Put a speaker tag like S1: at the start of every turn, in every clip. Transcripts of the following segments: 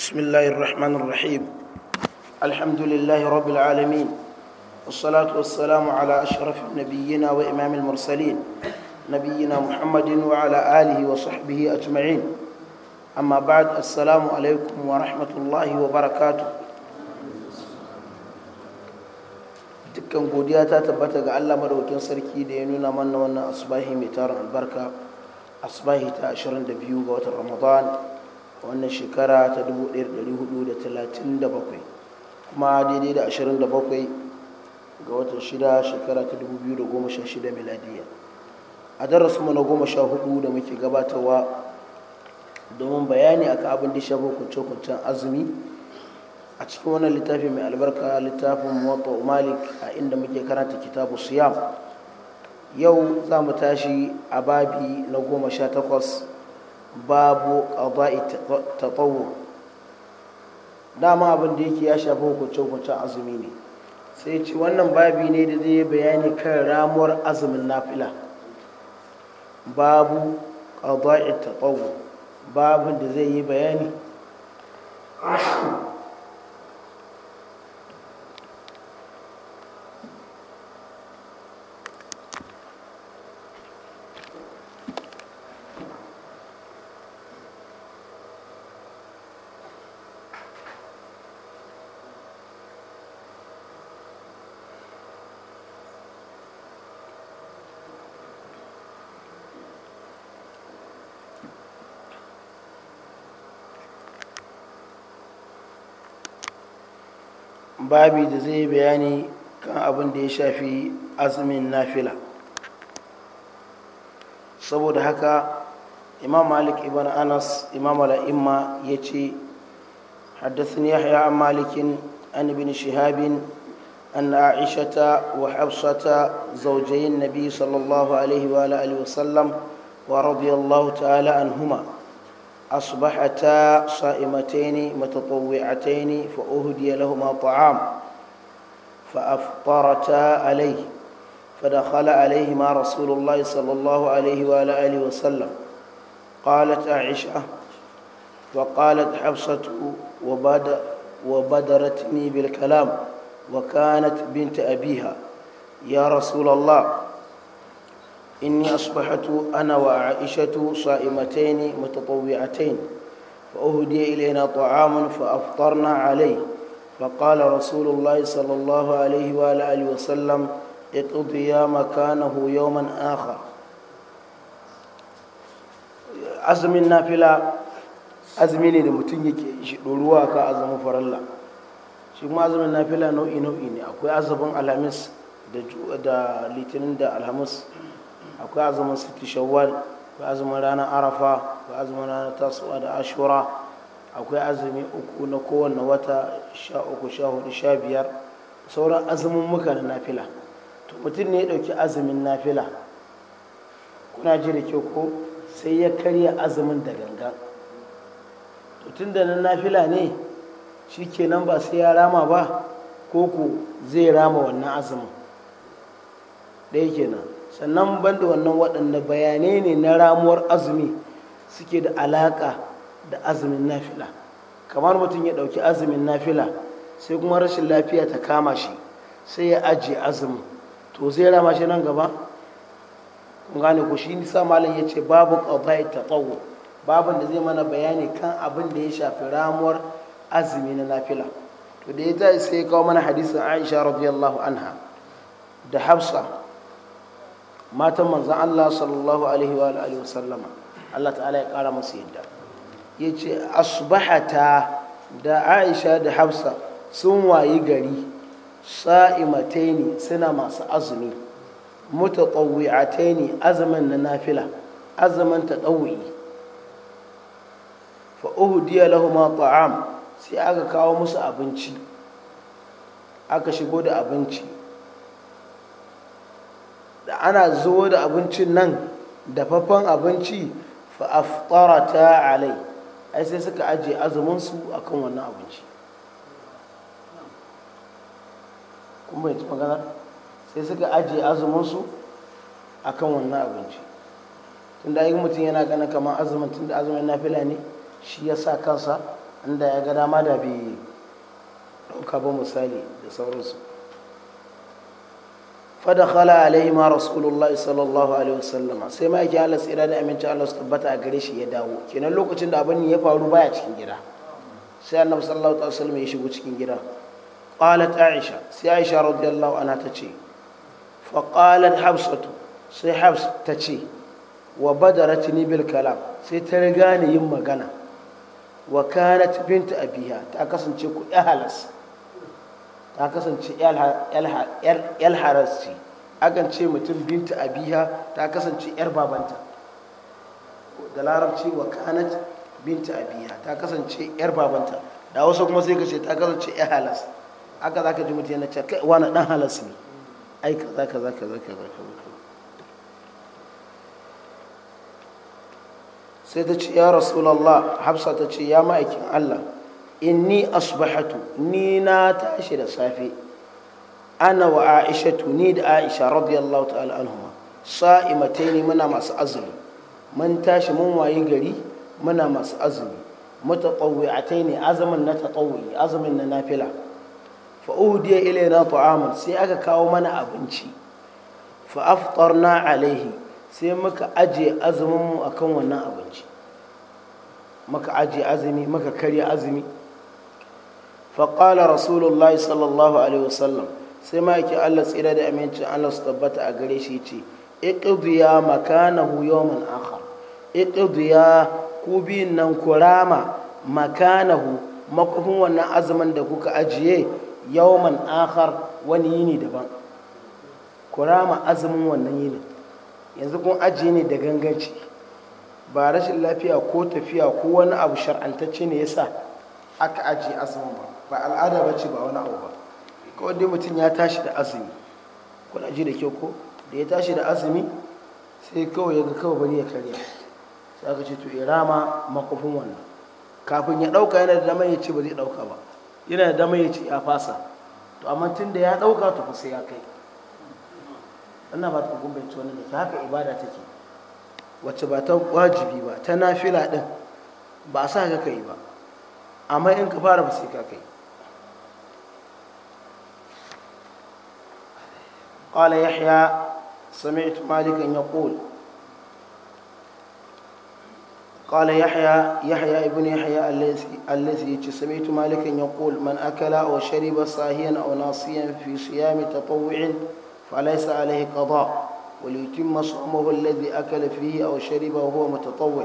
S1: بسم الله الرحمن الرحيم الحمد لله رب العالمين والصلاة والسلام على أشرف نبينا وإمام المرسلين نبينا محمد وعلى آله وصحبه أجمعين أما بعد السلام عليكم ورحمة الله وبركاته تكن قدياتا تبتغ الله مروت سركي madaukakin من da أصباه متار البركة أصباه تأشرن دبيوغة رمضان albarka a wannan shekara ta 1437 kuma daidai da 27 ga watan shida shekara ta 2016 miladiya a darasinmu na goma sha hudu da muke gabatarwa domin bayani a abin da shafi hukuncin kuncen azumi a cikin wannan littafi mai albarka littafin mawata malik a inda muke karanta kitabu siyam yau za mu tashi a babi na goma sha takwas babu ta tatawwu dama abin da yake ya shafi hukuncin hukuncin azumi ne sai ce wannan babi ne da zai bayani kan ramuwar azumin nafila babu ta tatawwu babin da zai yi bayani babi da zai yi bayani kan abin da ya shafi azumin nafila saboda haka imam malik ibn anas imam al'imma ya ce haddasin yahya an malikin an ibn shihabin an aishata wa hafsata zaujayin nabi sallallahu alaihi wa alihi wasallam أصبحتا صائمتين متطوعتين فأهدي لهما طعام فأفطرتا عليه فدخل عليهما رسول الله صلى الله عليه وعلى آله وسلم قالت عائشة وقالت حفصة وبدرتني بالكلام وكانت بنت أبيها يا رسول الله إني أصبحت أنا وعائشة صائمتين متطوعتين فأهدي إلينا طعام فأفطرنا عليه فقال رسول الله صلى الله عليه وآله وسلم اقضيا مكانه يوما آخر azumin nafila azumi ne da mutum yake shi ɗoruwa ka azumin faralla shi kuma azumin nafila nau'i nau'i ne akwai azumin alhamis da litinin da alhamis akwai azumin siti shawwal akwai azumin ranar arafa akwai azumin ranar tasowa da ashura akwai azumi uku na kowane wata sha uku sha hudu sha biyar sauran azumin muka na nafila to mutum ne ya ɗauki azumin nafila kuna ji da kyau ko sai ya karya azumin da ganga to tun da na nafila ne shi kenan ba sai ya rama ba ko ku zai rama wannan azumin ɗaya kenan sannan banda wannan waɗanda bayanai ne na ramuwar azumi suke da alaƙa da azumin nafila kamar mutum ya ɗauki azumin nafila sai kuma rashin lafiya ta kama shi sai ya ajiye azumin to zai rama shi nan gaba kun gane ku shi nisa malam ya ce babu ƙabai ta tsawo babin da zai mana bayani kan abin da ya shafi ramuwar azumi na nafila to da ya ta sai ya kawo mana hadisin aisha radiyallahu anha da hafsa matan manzan Allah sallallahu alaihi wa alihi sallama Allah ta'ala ya ƙara masu yadda yace asbahata da Aisha da Hafsa sun wayi gari sa'imataini suna masu azumi mutatawwi'ataini azumin na nafila azumin tadawwi fa uhdiya lahumu ta'am sai aka kawo musu abinci aka shigo da abinci ana zo da abincin nan dafaffen abinci fa aftarata alai ai sai suka ajiye azuminsu a kan wannan abinci kuma yanzu magana sai suka ajiye azuminsu a kan wannan abinci tun da mutum yana gana kamar azumin tun da azumin na fila ne shi ya sa kansa inda ya ga dama da bi ɗauka ba misali da sauransu Fadakhala عليهما ma الله صلى الله عليه sai ma yake Allah tsira da aminci Allah su tabbata a gare shi ya dawo kenan lokacin da abin ya faru baya cikin gida sai Annabi sallallahu alaihi wasallam ya shigo cikin gida qalat Aisha sai Aisha radiyallahu anha tace fa qalat Hafsatu sai Hafs tace wa badaratni bil kalam sai ta riga ni yin magana wa kanat bint abiha ta kasance ku halas ta kasance yal haras ce akan ce mutum binta abiha ta kasance yar babanta da larabci wa kanat binta abiha ta kasance yar babanta da wasu kuma sai ka ce ta kasance yar halas aka za ka ji mutum yana ce kai wani dan halas ne ai ka kaza kaza kaza kaza sai ta ce ya rasulallah hafsa ta ce ya ma'aikin allah inni asbahatu ni na tashi da safe ana wa aishatu ni da aisha radiyallahu ta'ala anhuma sa'imataini muna masu azumi mun tashi mun wayi gari muna masu azumi mutatawwi'ataini azumin na tatawwi azumin na nafila fa uhdiya ilaina ta'amun sai aka kawo mana abinci fa aftarna alaihi sai muka aje azumin mu akan wannan abinci muka aje azumi muka karya azumi faƙala rasulullahi sallallahu alaihi wasallam sai ma yake allah tsira da amincin allah su tabbata a gare shi ce iqdiya makanahu yawman akhar iqdiya ku nan kurama makanahu makofin wannan azumin da kuka ajiye yawman akhar wani yini daban kurama azumin wannan yini yanzu kun ajiye ne da ganganci ba rashin lafiya ko tafiya ko wani abu shar'antacce ne yasa aka ajiye azumin ba ba al'ada ba ce ba wani abu ba kawai dai mutum ya tashi da azumi kuna ji da kyau ko da ya tashi da azumi sai kawai ya ga kawai bari ya karya sai aka ce to rama makofin wannan kafin ya ɗauka yana da damar ya ce ba zai ɗauka ba yana da damar ya ce ya fasa to amma tun da ya ɗauka to fa sai ya kai ana ba ta gumbace wani da haka ibada take wacce ba ta wajibi ba ta nafila ɗin ba a sa ka kai ba amma in ka fara ba sai ka kai قال يحيى سمعت مالكا يقول قال يحيى يحيى ابن يحيى الذي سمعت مالكا يقول من أكل أو شرب صاهيا أو ناصيا في صيام تطوع فليس عليه قضاء وليتم صومه الذي أكل فيه أو شرب وهو متطوع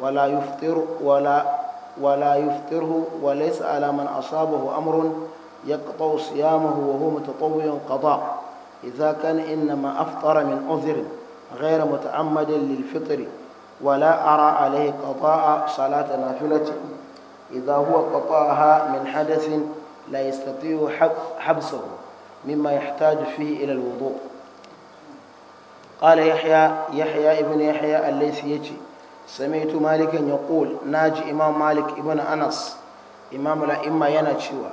S1: ولا يفطر ولا ولا يفطره وليس على من أصابه أمر يقطع صيامه وهو متطوع قضاء إذا كان إنما أفطر من عذر غير متعمد للفطر ولا أرى عليه قضاء صلاة نافلة إذا هو قطعها من حدث لا يستطيع حبسه مما يحتاج فيه إلى الوضوء قال يحيى يحيى ابن يحيى الليثي يجي سمعت مالكا يقول ناجي إمام مالك ابن أنس إمام الأئمة ينشوى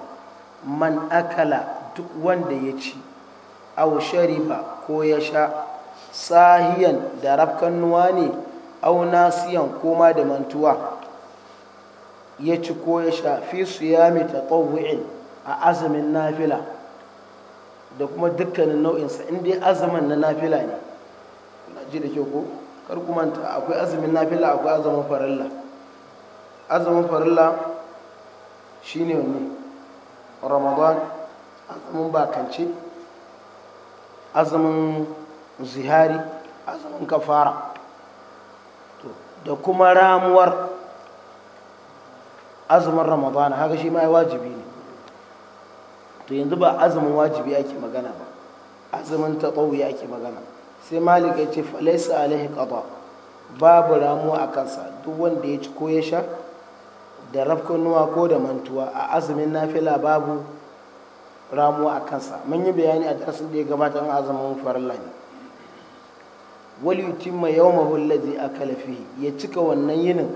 S1: من أكل duk wanda aw shariba ko ya sha sahiyan da rafkannuwa ne aw nasiyan ko da mantuwa ya ci ko ya sha fi siyami tatawwu'in a azumin nafila da kuma dukkanin nau'insa in dai azumin na nafila ne na ji da kyau ko kar ku manta akwai azumin nafila akwai azumin farilla azumin farilla shine wani ramadan azumin bakance azumin zihari azumin kafara da kuma ramuwar azumin ramadana haka shi ma wajibi ne to yanzu ba azumin wajibi ake magana ba azumin ta taɓauya ake magana sai malik ce falaisa alaihi kaba babu ramuwa a kansa duk wanda ya ci ko ya sha da rafkunuwa ko da mantuwa a azumin nafila babu ramuwa a kansa mun yi bayani a darasin da ya gabata an azumin farilla ne wal yutimma yawmahu allazi akala fihi ya cika wannan yinin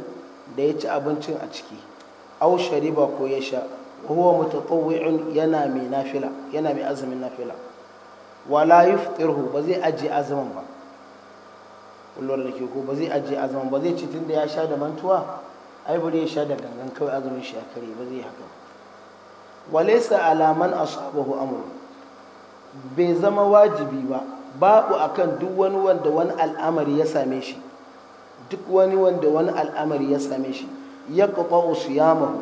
S1: da ya ci abincin a ciki aw shariba ko ya sha huwa mutatawwi'un yana mai nafila yana mai azumin nafila wala yufṭirhu ba zai aje azumin ba kullum da ke ko ba zai aje azumin ba zai ci tunda ya sha da mantuwa ai bari ya sha da gangan kawai azumin shi a kare ba zai haka ba walaisa alaman ashabahu amru bai zama wajibi ba babu akan duk wani wanda wani al'amari ya same shi duk wani wanda wani al'amari ya same shi ya ya siyamahu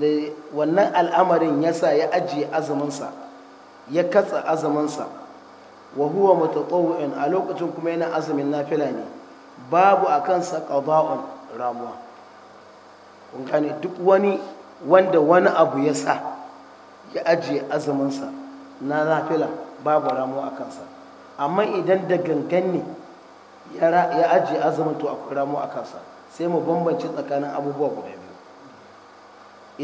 S1: da wannan al'amarin ya sa ya ajiye azaminsa, ya katsa azaminsa wa huwa mutatawwi'in a lokacin kuma yana azumin nafila ne babu akan kansa qada'un ramuwa kun duk wani wanda wani abu ya sa ya ajiye azuminsa na nafila babu ramu a kansa amma idan da gangan ne ya ajiye azumin to akwai ramo a kansa sai mu bambanci tsakanin abubuwa guda biyu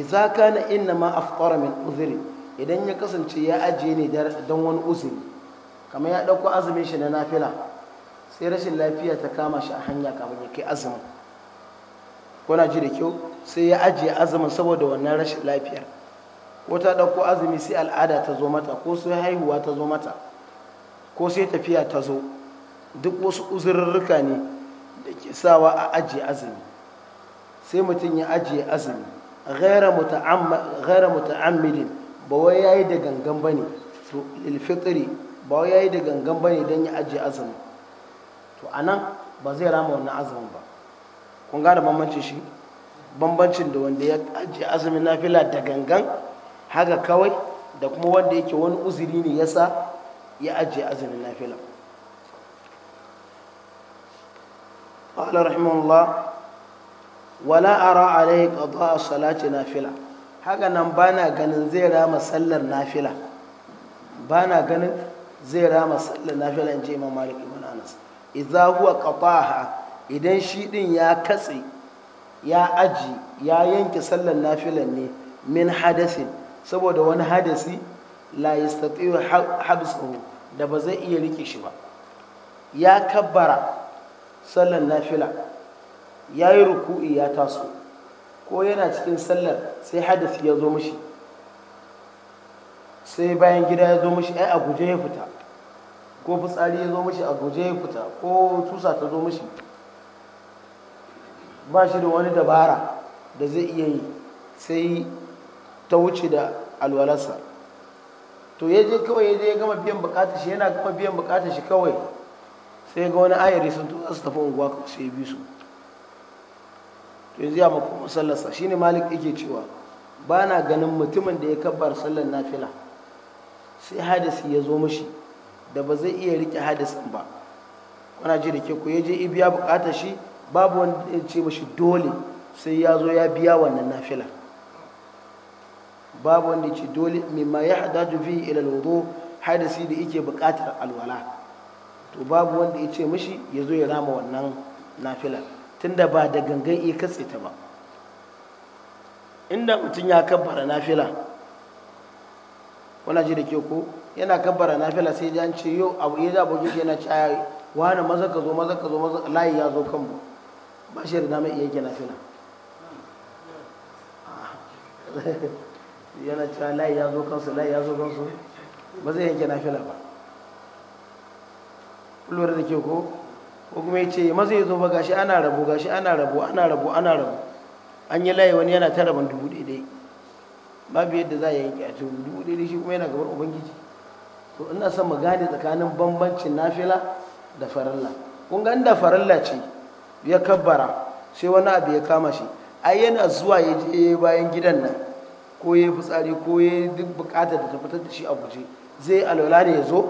S1: idza kana inna ma afqara min uzuri idan ya kasance ya ajiye ne don wani uzuri kamar ya dauko azumin shi na nafila sai rashin lafiya ta kama shi a hanya kafin ya kai azumin kuna ji da kyau sai ya ajiye azumin saboda wannan rashin lafiyar wata ɗauko azumi sai al'ada ta zo mata ko sai haihuwa ta zo mata ko sai tafiya ta zo duk wasu uzurrurruka ne da ke sawa a ajiye azumi sai mutum ya ajiye azumi ghaira muta'ammidin ba wai yayi da gangan bane to ilfitri ba wai yayi da gangan bane don ya ajiye azumi to anan ba zai rama wannan azumin ba kun gane bambancin shi bambancin da wanda ya ajiye azumin na fila da gangan haka kawai da kuma wanda yake wani uzuri ne yasa ya ajiye azumin nafila wala رحمه الله ولا أرى عليه قضاء الصلاة نافلة haka nan ba na ganin zai rama sallar nafila ba na ganin zai rama sallar nafila in ce imam malik ibn anas idza huwa qataha idan shi din ya katse ya aji ya yanke sallar nafilan ne min hadasin saboda wani hadasi la yastati'u habsuhu da ba zai iya rike shi ba ya kabbara sallar nafila ya yi ruku'i ya taso ko yana cikin sallar sai hadasi ya zo mashi sai bayan gida ya zo mashi ai a guje ya fita ko fitsari ya zo mashi a guje ya fita ko tusa ta zo mashi ba shi da wani dabara da zai iya yi sai ta wuce da alwalarsa to ya je kawai ya je ya gama biyan bukatar shi yana gama biyan bukatar shi kawai sai ga wani ayari sun su tafi unguwa kawai sai bi su to yanzu ya mako sallarsa, shine malik yake cewa ba na ganin mutumin da ya kabbar sallar nafila sai hadisi ya zo mashi da ba zai iya rike hadisin ba kuna ji da ke ku ya je ibiya bukatar shi babu wanda ya ce mashi dole sai ya zo ya biya wannan nafilar babu wanda ce dole mimma ya hada jufi ilal alwudu hadasi da yake buƙatar alwala to babu wanda ya ce mishi ya zo ya rama wannan nafila tunda ba da gangan iya katse ta ba inda mutum ya kabbara nafila wana ji da ke ko yana kabbara nafila sai ya ce yau abu ya abokin shi yana ce wani maza ka zo maza ka zo maza layi ya zo kanmu ba shi da mai iya yake nafila yana cewa layi ya zo kansu layi ya zo kansu ba zai yanke nafila ba kulwar da ke ko ko kuma ya ce maza ya zo ba gashi ana rabo gashi ana rabo ana rabo ana rabo an yi layi wani yana ta rabon dubu ɗaya babu yadda za a yanke a cikin dubu ɗaya shi kuma yana gabar ubangiji to ina son mu gane tsakanin bambancin nafila da farilla kun ga inda farilla ce ya kabbara sai wani abu ya kama shi ai yana zuwa ya je bayan gidan nan ko ya yi fitsari ko ya duk bukatar da tabbatar da shi a guje zai alwala ne ya zo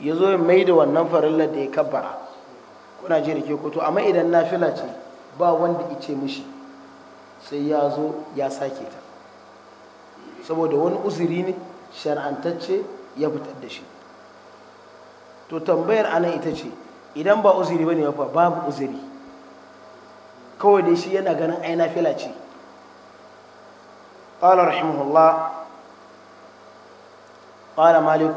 S1: ya zo ya mai da wannan farillar da ya kabbara kuna ji da ke koto amma idan na ce ba wanda ice mishi sai ya zo ya sake ta saboda wani uzuri ne shar'antacce ya fitar da shi to tambayar anan ita ce idan ba uzuri ba ne ba babu uzuri kawai da shi yana ganin aina nafila ce قال رحمه الله قال مالك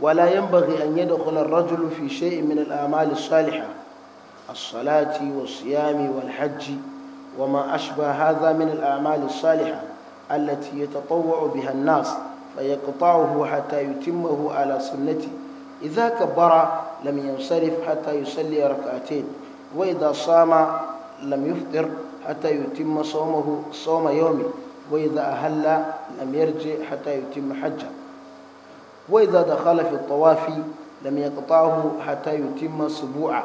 S1: ولا ينبغي أن يدخل الرجل في شيء من الأعمال الصالحة الصلاة والصيام والحج وما أشبه هذا من الأعمال الصالحة التي يتطوع بها الناس فيقطعه حتى يتمه على سنته إذا كبر لم ينصرف حتى يصلي ركعتين وإذا صام لم يفطر حتى يتم صومه صوم يومه وإذا أهل لم يرجع حتى يتم حجه وإذا دخل في الطواف لم يقطعه حتى يتم سبوعا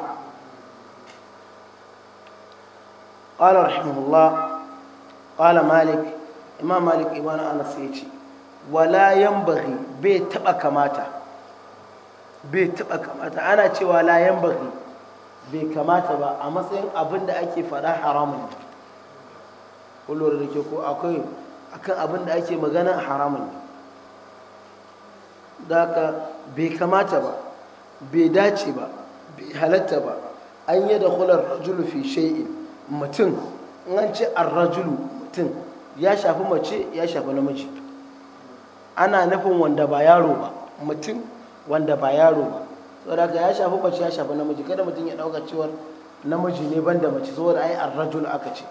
S1: قال رحمه الله قال مالك إمام مالك إبان أنس يجي ولا ينبغي بيت كماتا بيت كماتا أنا تي ولا ينبغي بكماتا با أما سين أبن أكي فلا حرام منه kullum da ke ko akwai akan abin da ake magana haramun ne da ka, bai kamata ba bai dace ba bai halatta ba an yi da kular rajulu fi shay'in mutum an ce rajulu mutum ya shafi mace ya shafi namiji ana nufin wanda ba yaro ba mutum wanda ba yaro ba saboda ya shafi mace ya shafi namiji kada mutum ya dauka cewar namiji ne ban da mace saboda ai rajulu aka ce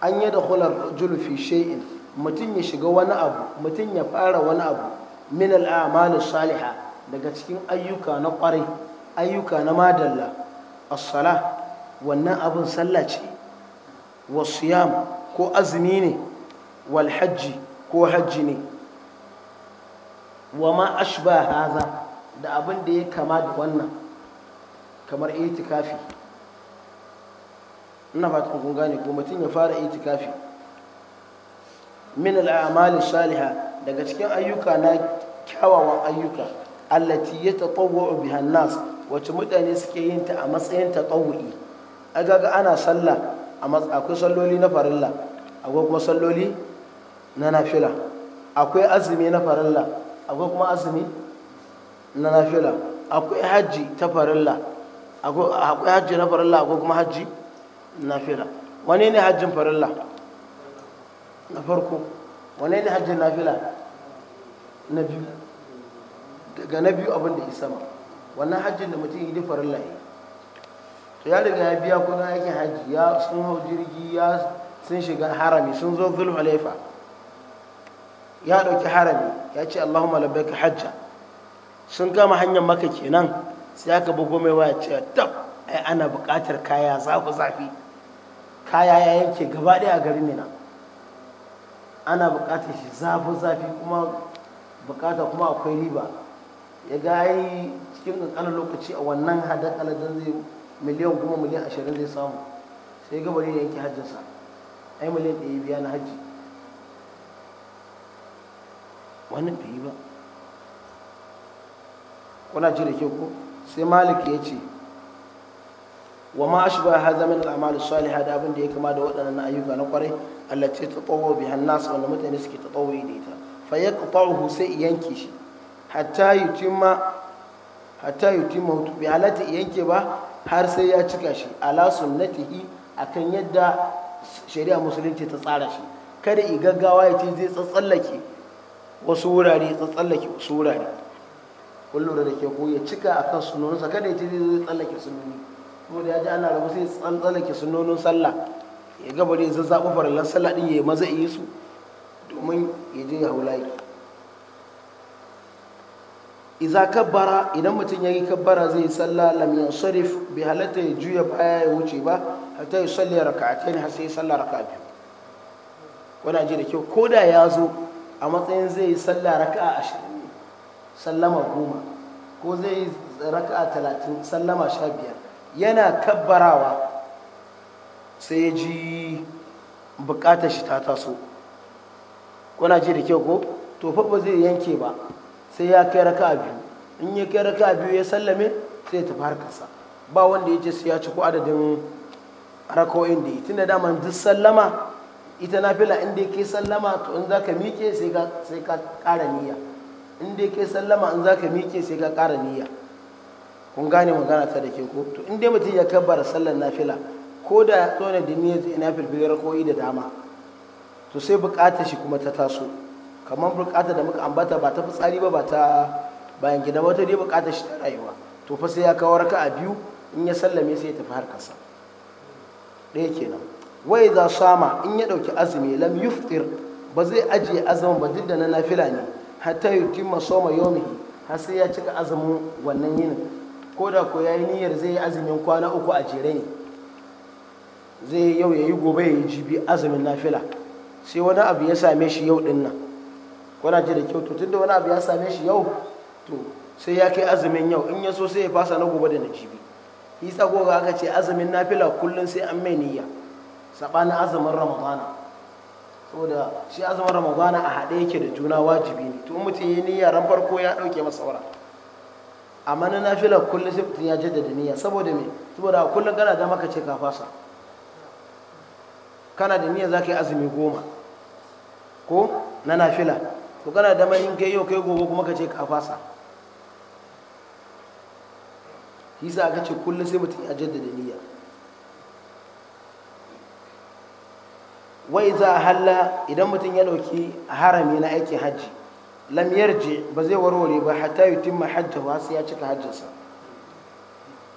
S1: an yi da hular julfi shay'in mutum ya shiga wani abu mutum ya fara wani abu min al'amal saliha daga cikin ayyuka na kwarai ayyuka na madalla as-sala wannan abin sallah ce wasiyam ko azumi ne wal hajji ko hajji ne wa ma ashba haza da abin da ya kama da wannan kamar itikafi ina ba ta kun gane ko mutum ya fara itikafi min al'amali saliha daga cikin ayyuka na kyawawan ayyuka allati ya tatawwa'u biha nas wacce mutane suke yin ta a matsayin a gaga ana sallah akwai salloli na farilla akwai kuma salloli na nafila akwai azumi na farilla akwai kuma azumi na nafila akwai hajji ta farilla akwai hajji na farilla akwai kuma hajji nafila wane ne hajjin farilla na farko wane ne hajjin nafila na biyu daga na biyu abin da isa ma wannan hajjin da mutum yi farilla ya to ya riga ya biya kuna aikin hajji ya sun hau jirgi ya sun shiga harami sun zo halifa ya ɗauki harami ya ce allahumma labbaika hajja sun kama hanyar maka kenan sai aka bugo mai waya ce tab ai ana buƙatar kaya zafi zafi kaya ya yanke gaba ɗaya a garin mina ana bukatar shi zafi zafi kuma buƙata kuma akwai riba ya ga yi cikin kankanin lokaci a wannan aladar zai miliyan goma miliyan ashirin zai samu sai ga bari yanke hajjinsa a yi miliyan ɗaya biya na hajji wannan bai yi ba kuna ji da ke ko sai malik ya ce wa ma ashba hadha min al-a'mal as-salihah da abin da ya kama da waɗannan ayyuka na kwarai allati tatawwa biha an-nas wanda mutane suke tatawwi da ita fa yaqta'uhu sai yanke shi hatta yutimma hatta yutimma bi alati yanke ba har sai ya cika shi ala sunnatihi akan yadda shari'a musulunci ta tsara shi kada i gaggawa ya ce zai tsatsallake wasu wurare tsatsallake wasu wurare kullum da ke ko ya cika akan sunonsa kada ya ce zai tsallake sunoni kuma da ya ji ana rabu sai ke sunonin sallah ya gaba da zaɓi farallar sallah ɗin ya yi maza yi su domin ya je ya haulayi iza kabbara idan mutum ya yi kabbara zai sallah lam sharif bai halatta ya juya baya ya wuce ba hata ya salli raka'atain har sai ya sallah raka biyu wannan ji da kyau ko da ya zo a matsayin zai yi sallah raka'a ashirin sallama goma ko zai yi a talatin sallama sha biyar yana kabbarawa sai ji bukatar shi ta taso kuna ji da kyau ko to fa ba zai yanke ba sai ya kai raka biyu in ya kai raka biyu ya sallame sai ya tafi harkarsa ba wanda ya ce sai ya ci ko adadin rako'in da yi tunda dama duk sallama ita na fila inda ke sallama to in za ka miƙe sai ka niyya inda ke sallama in za ka miƙe sai ka ƙara niyya kun gane magana ta da ke ko to in dai mutum ya kabbara sallar nafila ko da ya tsone da niyyar ina filfilar koyi da dama to sai bukatar shi kuma ta taso kamar bukatar da muka ambata ba ta fitsari ba ba ta bayan gida ba ta dai bukatar shi ta rayuwa to fa sai ya kawo raka a biyu in ya sallame sai ya tafi harkarsa ɗaya kenan wai za sama in ya ɗauki azumi lam yuftir ba zai ajiye azumin ba duk da na nafila ne hatta yutimma soma yomihi har sai ya cika azumin wannan yinin ko da ko ya yi niyyar zai yi azumin kwana uku a jere ne zai yau ya yi gobe ya yi jibi azumin nafila sai wani abu ya same shi yau din nan kwana ji da kyau to tunda wani abu ya same shi yau to sai ya kai azumin yau in ya so sai ya fasa na gobe da na jibi isa ko ga aka ce azumin nafila kullum sai an mai niyya sabanin azumin ramadana saboda shi azumin ramadana a haɗe yake da juna wajibi ne to mutum ya niyya ran farko ya ɗauke masa wara amma na nafila kullum sai mutum ya jaddada niyya saboda me saboda kullum kana da maka ce ka fasa kana da niyya zaka yi azumi goma ko na nafila to kana da in kai yau kai gobe kuma ka ce ka fasa yasa aka ce kullum sai mutum ya jaddada niyya wai za a halla idan mutum ya dauki harami na aikin hajji Lamiyar yarji ba zai warware ba hata hatta yutimma hajjahu sai ya cika hajjinsa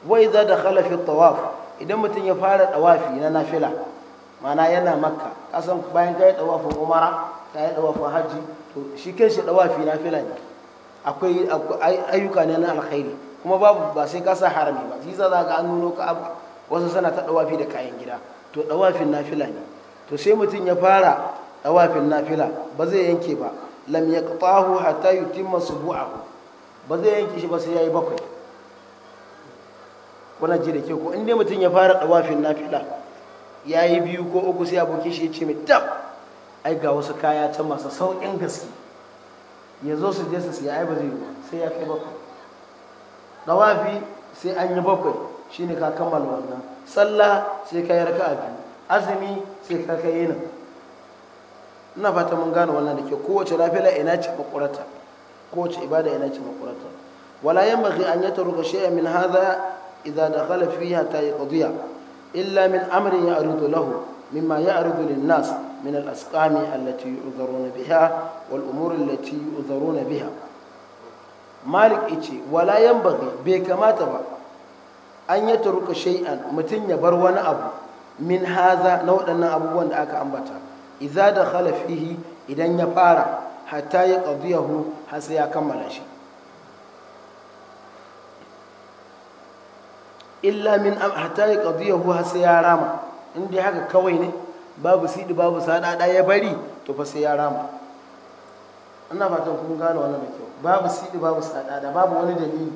S1: wai za da fi tawaf idan mutum ya fara tawafi na nafila mana yana makka kasan bayan yi tawafin umara yi tawafin haji to shi shi tawafi fila ne akwai ayyuka ne na alkhairi kuma babu ba sai ka sa harami ba shi za ka an nuno ka wasu sana ta tawafi da kayan gida to tawafin nafila ne to sai mutum ya fara tawafin nafila ba zai yanke ba lam yaqtahu hatta yutimma subu'ahu ba zai yanke shi ba sai ya yi bakwai wani ji da ke ko inda mutum ya fara na fiɗa ya yi biyu ko uku sai abokin shi ya ce mai tab ai ga wasu kaya ta masu sauƙin gaske ya zo su je su siya ai ba zai yi ba sai ya kai bakwai dawafi sai an yi bakwai shine ka kammala wannan sallah sai ka yi raka'a biyu azumi sai ka kai yinin ina fata mun gane wannan da ke kowace nafila ina ce makurata kowace ibada ina ce makurata wala yanbaghi an yatruka shay'an min hadha idza dakhala fiha ta yi yaqdiya illa min ya ya'ridu lahu mimma ya'ridu lin-nas min al-asqami allati yu'dharuna biha wal umuri allati yu'dharuna biha malik ice wala yanbaghi bai kamata ba an yatruka shay'an mutum ya bar wani abu min haza na waɗannan abubuwan da aka ambata iza da khalafihi idan ya fara hatta ya qadiyahu har sai ya kammala shi illa min am hatta ya qadiyahu har sai ya rama in dai haka kawai ne babu sidi babu sadada ya bari to fa sai ya rama Ana fatan kun gane wannan da kyau babu sidi babu sadada babu wani dalili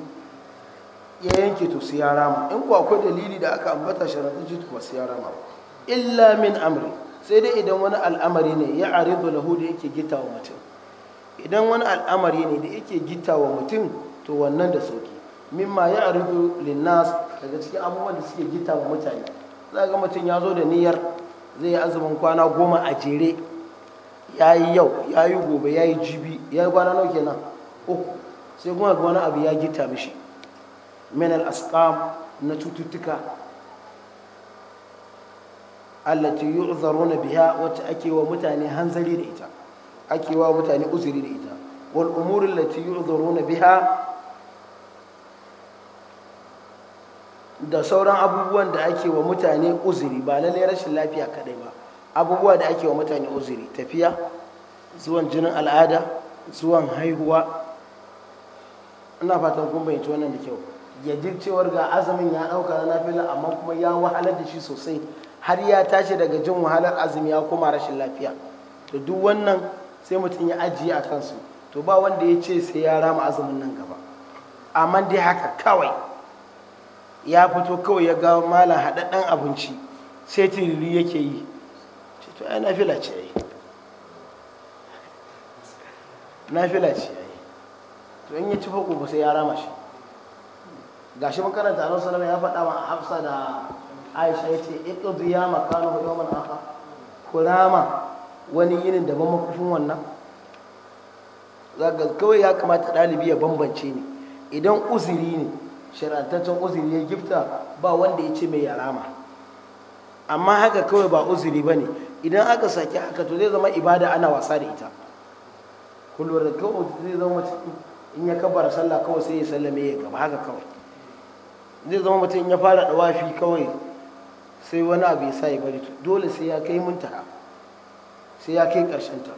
S1: ya yanke to sai ya rama in ku akwai dalili da aka ambata sharadin jit kuma sai ya rama illa min amri sai dai idan wani al'amari ne ya aridu lahu da yake gita wa mutum idan wani al'amari ne da yake gita wa mutum to wannan da sauki mimma ya aridu linnas daga cikin abubuwan da suke gita wa mutane za ga mutum ya zo da niyyar zai yi azumin kwana goma a jere ya yi yau ya yi gobe ya yi jibi ya yi kwana nauke nan uku sai kuma wani abu ya gita mishi menal asqam na cututtuka allati yu'zaruna biha wata ake wa mutane hanzari da ita ake wa mutane uzuri da ita wal umur allati yu'zaruna biha da sauran abubuwan da ake wa mutane uzuri ba lalle rashin lafiya kadai ba abubuwa da ake wa mutane uzuri tafiya zuwan jinin al'ada zuwan haihuwa ina fatan kun bayyanci wannan da kyau ya cewar ga azumin ya dauka na nafila amma kuma ya wahalar da shi sosai har ya tashi daga jin wahalar azumi ya koma rashin lafiya to duk wannan sai mutum ya ajiye a kansu to ba wanda ya ce sai ya rama azumin nan gaba amma dai haka kawai ya fito kawai ya ga malam haɗaɗɗen abinci sai tiriri yake yi ce to ai nafila ce ai nafila ce ai to in ya ci fako sai ya rama shi gashi makaranta a salama ya faɗa wa hafsa da aisha ya ce iqdi ya makanu yawman aka kurama wani yinin da ban makufin wannan zaga kawai ya kamata ɗalibi ya bambance ne idan uziri ne shirantaccen uziri ya gifta ba wanda ya ce mai yarama amma haka kawai ba uziri ba ne idan aka sake haka to zai zama ibada ana wasa da ita kullum da kawai zai zama in ya kabar sallah kawai sai ya sallame ya gaba haka kawai zai zama mutum ya fara dawafi kawai sai wani abu ya sa ya bari dole sai ya kai muntaha sai ya kai karshen ta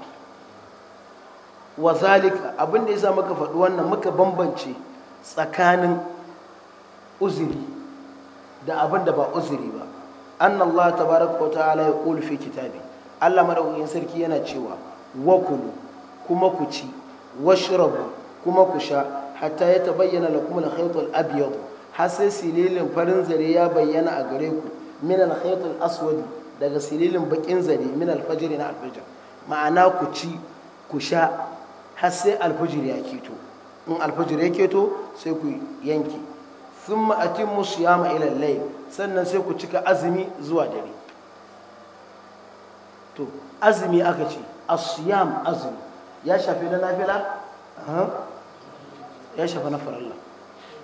S1: wa zalika abin da ya yasa muka faɗi wannan muka bambance tsakanin uzuri da abin da ba uzuri ba annallahu Allah tabaraka wa ta'ala ya ƙulu fi kitabi Allah madaukakin sarki yana cewa wa kulu kuma ku ci washrabu kuma ku sha hatta ya tabayyana bayyana kuma na al-abyad har sai sililin farin zare ya bayyana a gare ku min al-khayt daga sililin bakin zare min al na al ma'ana ku ci ku sha har sai al-fajr ya keto in al-fajr ya keto sai ku yanke Sun atimmu siyama ila al-layl sannan sai ku cika azumi zuwa dare to azumi aka ce as-siyam azumi ya shafi na nafila ya shafi na farilla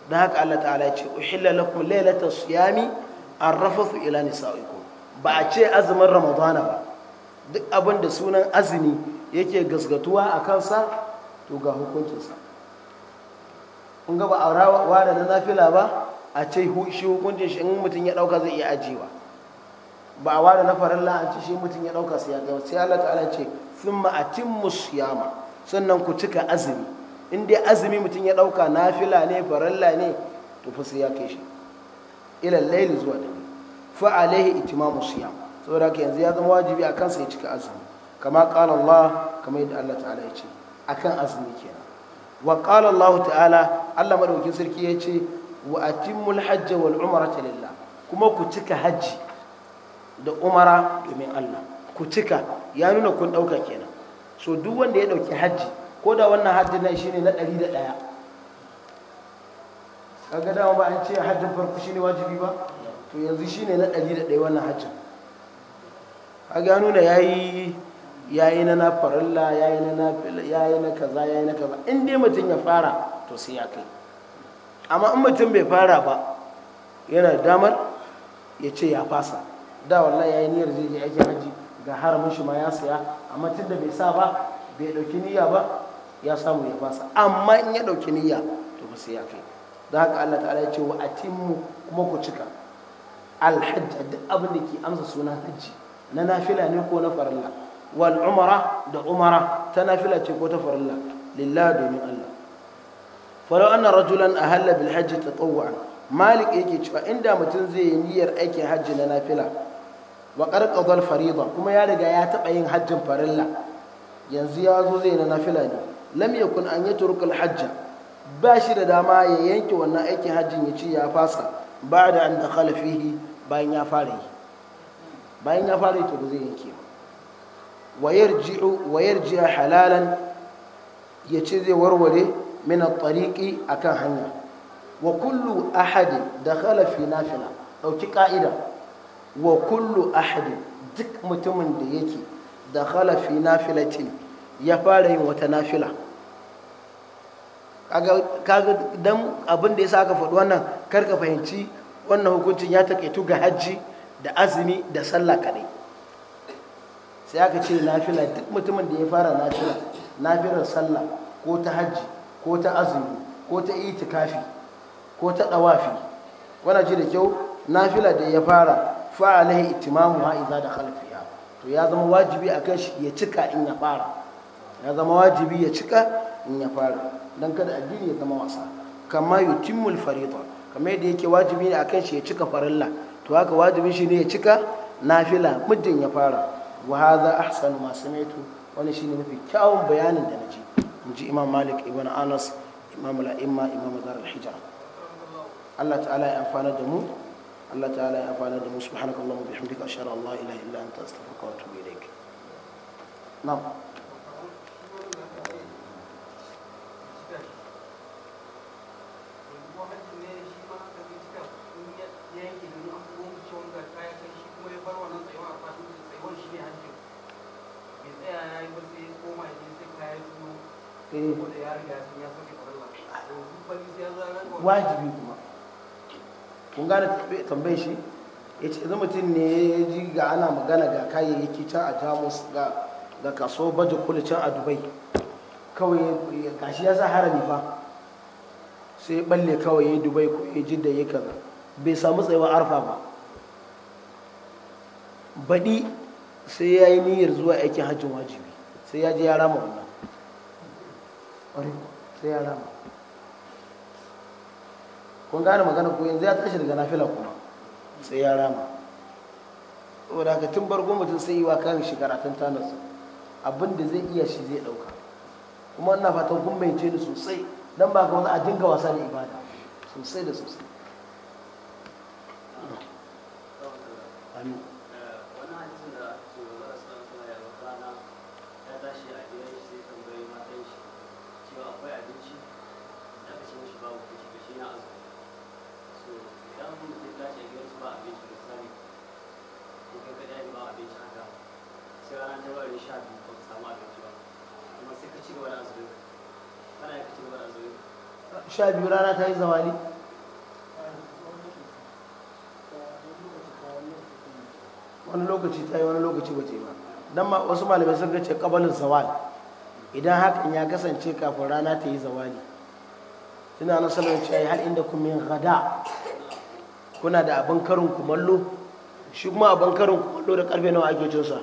S1: da haka Allah ta'ala ya ce uhilla lakum lailatas siyami arrafasu ila nisa'ikum ba a ce azumin ramadana ba duk abin da sunan azumi yake gasgatuwa a kansa to ga hukuncinsa in ga ba a ware na nafila ba a ce shi hukuncin shi in mutum ya dauka zai iya ajiyewa ba a ware na farilla an ce shi mutum ya dauka sai ya ga sai Allah ta'ala ce thumma atimmu siyama sannan ku cika azumi in dai azumi mutum ya dauka nafila ne faralla ne to fa sai ya kai shi ila laili zuwa dare fa alaihi itimamu siyam saboda haka yanzu ya zama wajibi a kansa ya cika azumi kama qala Allah kama yadda Allah ta'ala ya ce akan azumi kenan wa qala Allah ta'ala Allah madaukakin sarki ya ce wa atimmul hajj wal umrata lillah kuma ku cika hajji da umara domin Allah ku cika ya nuna kun dauka kenan so duk wanda ya dauki hajji ko da wannan hajji na shine na 101 kaga dama ba an ce hajjin farko shine wajibi ba to yanzu shine na ɗari da ɗaya wannan hajjin kaga ya nuna yayi yayi na na farilla yayi na na yayi na kaza yayi na kaza in dai mutum ya fara to sai ya kai amma in mutum bai fara ba yana damar ya ce ya fasa da wallahi yayi niyyar zai je aikin haji ga haramin shi ma ya saya amma tun da bai sa ba bai ɗauki niyya ba ya samu ya fasa amma in ya ɗauki niyya to sai ya kai Zaka haka Allah ta'ala ya ce wa kuma ku cika alhajj da abin da ke amsa suna hajji na nafila ne ko na farilla wal umara da umara ta nafila ce ko ta farilla lillahi domin Allah falau anna rajulan ahalla bil hajji tatawwa malik yake cewa inda mutum zai yi niyyar aikin hajji na nafila wa qarqadal fariida kuma ya riga ya taba yin hajjin farilla yanzu ya zo zai na nafila ne lam yakun an yi al hajja ba shi da dama ya yanke wannan aikin hajjin ya ce ya fasa ba da an da khalafihi bayan ya fara yi bayan ya fara yi to ba zai yanke ba wayar jiya halalan ya ce zai warware min tariki kan hanya wa kullu ahadin da khalafi fina ɗauki ka'ida wa kullu ahadin duk mutumin da yake da khalafi nafilatin ya fara yin wata nafila kaga dan abin da sa aka faɗi wannan karka fahimci wannan hukuncin ya taƙaitu ga hajji da azumi da sallah kaɗai sai aka ce lafila duk mutumin da ya fara lafila lafilar sallah ko ta hajji ko ta azumi ko ta itikafi ko ta ɗawafi wana ji da kyau lafila da ya fara fa'alai itimamu ha iza da khalfiya to ya zama wajibi kan shi ya cika in ya fara ya zama wajibi ya cika in ya fara don kada addini ya zama wasa kama yutimmul farida kamar yadda yake wajibi ne akan shi ya cika farilla to haka wajibin shi ne ya cika nafila muddin ya fara wa hadha ahsanu ma sami'tu wani shine mafi kyawun bayanin da naji inji imam malik ibn anas imam al-a'imma imam dar al-hijra Allah ta'ala ya amfana da mu Allah ta'ala ya amfana da mu subhanakallahumma bihamdika ashhadu an la ilaha illa anta astaghfiruka wa atubu ilaik na'am wajibi kuma kun gane tambayi shi ya ce zama mutum ne ya ji ga ana magana ga kayayyaki can a jamus ga kaso baje kula can a dubai kawai gashi ya sa harami fa sai balle kawai ya dubai ko ya da ya kaza bai samu tsayawa arfa ba baɗi sai ya yi niyyar zuwa aikin hajjin wajibi sai ya je ya rama wannan sai ya rama kun gane magana ko yanzu ya tashi daga nafila kuma sai ya rama saboda ka tun bargo mutum sai yi wa kan shi karatun tanarsa abin zai iya shi zai ɗauka kuma ina fatan kun mai ni sosai don ba ka a dinga wasa da ibada sosai da sosai amin sha biyu ba samu abinci ba kuma sai ka ci gaba da azumi kana ya ka ci gaba da azumi sha biyu rana ta yi zawali wani lokaci ta yi wani lokaci ba ce ba don ma wasu malamai sun gace kabalin zawali idan hakan ya kasance kafin rana ta yi zawali tuna na salon ce har inda kuma yin gada kuna da abin karin kumallo shi kuma abin karin kumallo da karfe nawa ake cinsa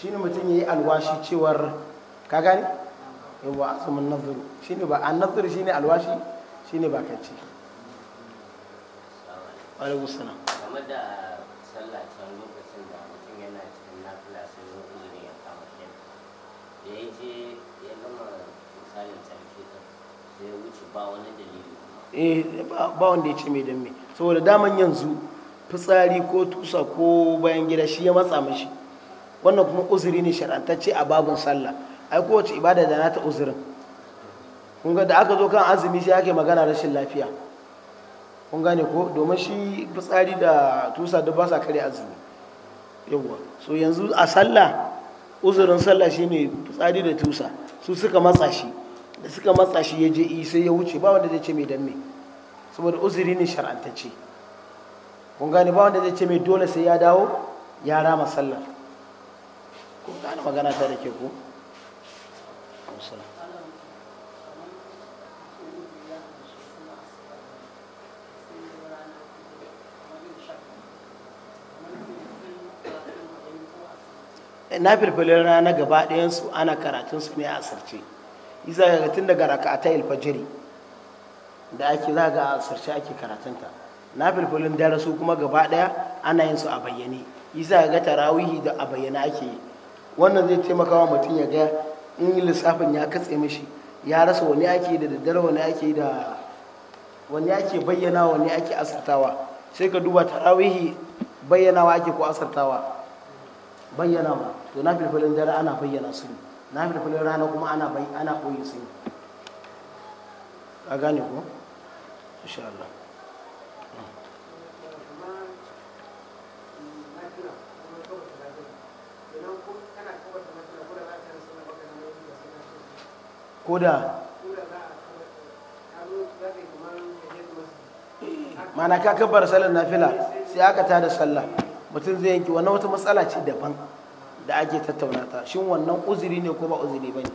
S1: shine mutum ya yi alwashi cewar ka gani yawa azumin nazuru shine ba an nazuru ne alwashi shine ba kanci alaikum salam kamar da sallah can lokacin da mutum yana cikin nafila sai yi uzuri ya kama shi da ya je ya gama misalin sarki sai ya wuce ba wani dalili eh ba wanda ya ce mai don me saboda daman yanzu fitsari ko tusa ko bayan gida shi ya matsa mashi wannan kuma uzuri ne shar'antacce a babin sallah ai kowace ibada da nata uzurin kun ga da aka zo kan azumi sai ake magana rashin lafiya kun gane ko domin shi fitsari da tusa da ba sa kare azumi yawwa so yanzu a sallah uzurin sallah shine fitsari da tusa su suka matsa shi da suka matsa shi ya je yi sai ya wuce ba wanda zai ce mai dan me saboda uzuri ne shar'antacce kun gane ba wanda zai ce mai dole sai ya dawo ya rama sallah kuma magana ta da ke ku na firfilin rana gaba ɗayansu ana karatunsu ne a asirce isa ga tun daga raka ta ilfajiri da ake za ga asirce ake karatunta na firfilin darasu kuma gaba ɗaya ana yin su a bayyane isa ga tarawihi da a bayyane ake yi wannan zai taimaka wa mutum ya ga in lissafin ya katse mishi ya rasa wani ake da daddare wani ake da wani ake bayyana wani ake asartawa sai ka duba tarawihi bayyanawa ake ko bayyana bayyanawa to na filfilin dare ana bayyana su na filfilin rana kuma ana ana koyi su a gane ko insha Allah ko da mana ka kabbar sallar nafila sai aka ta da sallah mutum zai yanki wannan wata matsala ce daban da ake tattauna ta shin wannan uzuri ne ko ba uzuri ba ne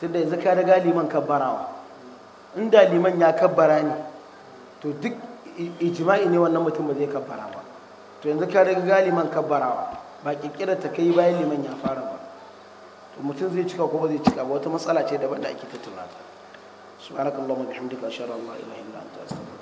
S1: tunda yanzu ka daga liman kabbarawa inda liman ya kabbara ne to duk ijima'i ne wannan mutum ba zai kabbara ba to yanzu ka daga liman kabbarawa ba ƙirƙirar ta kai bayan liman ya fara ba to mutum zai cika ko ba zai cika ba wata matsala ce daban da ake tattauna ta subhanakallahumma bihamdika ashhadu an la ilaha illa anta astaghfiruka